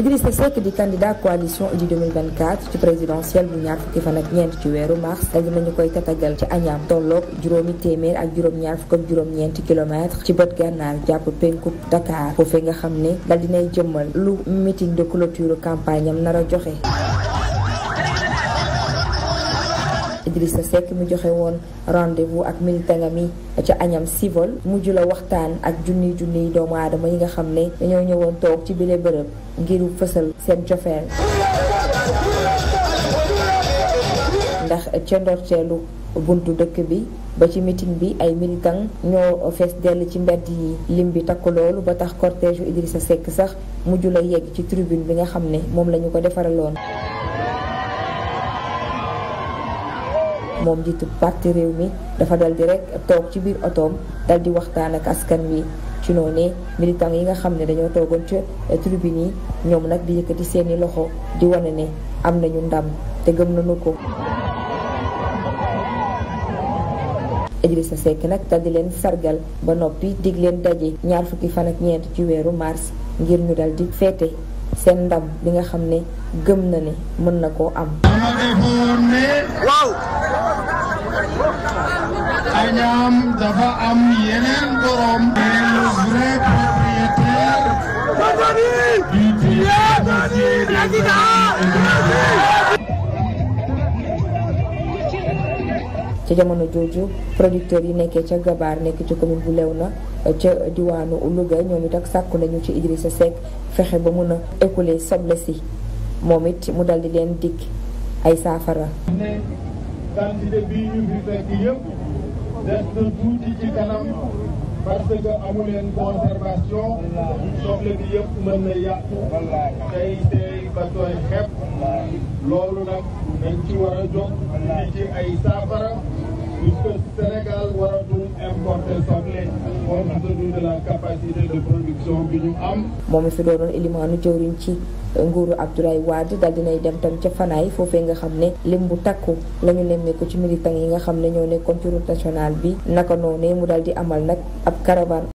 Idrissa Seck di candidat coalition Idy 2024 ci présidentielle bu ñaar fukki fan ak ñeent ci weeru mars dañu nañu koy tatagal ci Agnam tolloog juróomi ak juróom-ñaar fukk ak juróom-ñeenti ci bët gànnaar jàpp penku Dakar foofee nga xam ne dal dinay jëmmal lu meeting de clôture campagne am nar a joxe Idrissa Seck mu joxe woon rendez ak militantam yi ca añam sivol mujj la waxtaan ak junniy junniy doomu aadama yi nga xam ne dañoo ñëwoon toog ci bile bërëb ngiru fësal seen cofeel ndax ca ndorteelu buntu dëkk bi ba ci meeting bi ay militant ñoo fees dell ci mbedd yi lim bi takk loolu ba tax cortège Idrissa Seck sax mujj la yegg ci tribune bi nga xam ne moom lañu ñu ko defaraloon moom njiitu parti réew mi dafa dal di rek toog ci biir otoom dal waxtaan ak askan wi ci noonu militant yi nga xam ne dañoo toogoon ca eh, tribune yi ñoom nag di yëkkati seeni loxo di wane ne am nañu ndam te gëm nañu ko. Idrissa Seck nag dal di leen sargal ba noppi dig leen daje ñaar fukki fan ak ci weeru mars ngir ñu dal di féete seen ndam li nga xam ne gëm na ne mën na koo am. Agnam ci jamono jooju producteur yi nekkee ca gabaar nekk ci commune bu na ca diwaanu Louga ñoom it ak sàkku nañu ci Idrissa Seck fexe ba mun a écouler soble si moom it mu dal di leen dikk ay saafara. des na tuuti ci kanam parce que amu leen conservation soble bi yëpp mën na yàqu tey tey ba tooy xepp loolu nag dañ ci war a ci ay saafara puisque Sénégal war ak moom mi fi doonoon ilimaanu jëwriñ ci nguuru Abdoulaye Wade daal dinay dem tam ca Fanaay foofee nga xam ne lim bu takku lañu ñu nemmeeku ci militant yi nga xam ne ñoo nekkoon ci route nationale bi naka noonee mu daal di amal nag ab caravane.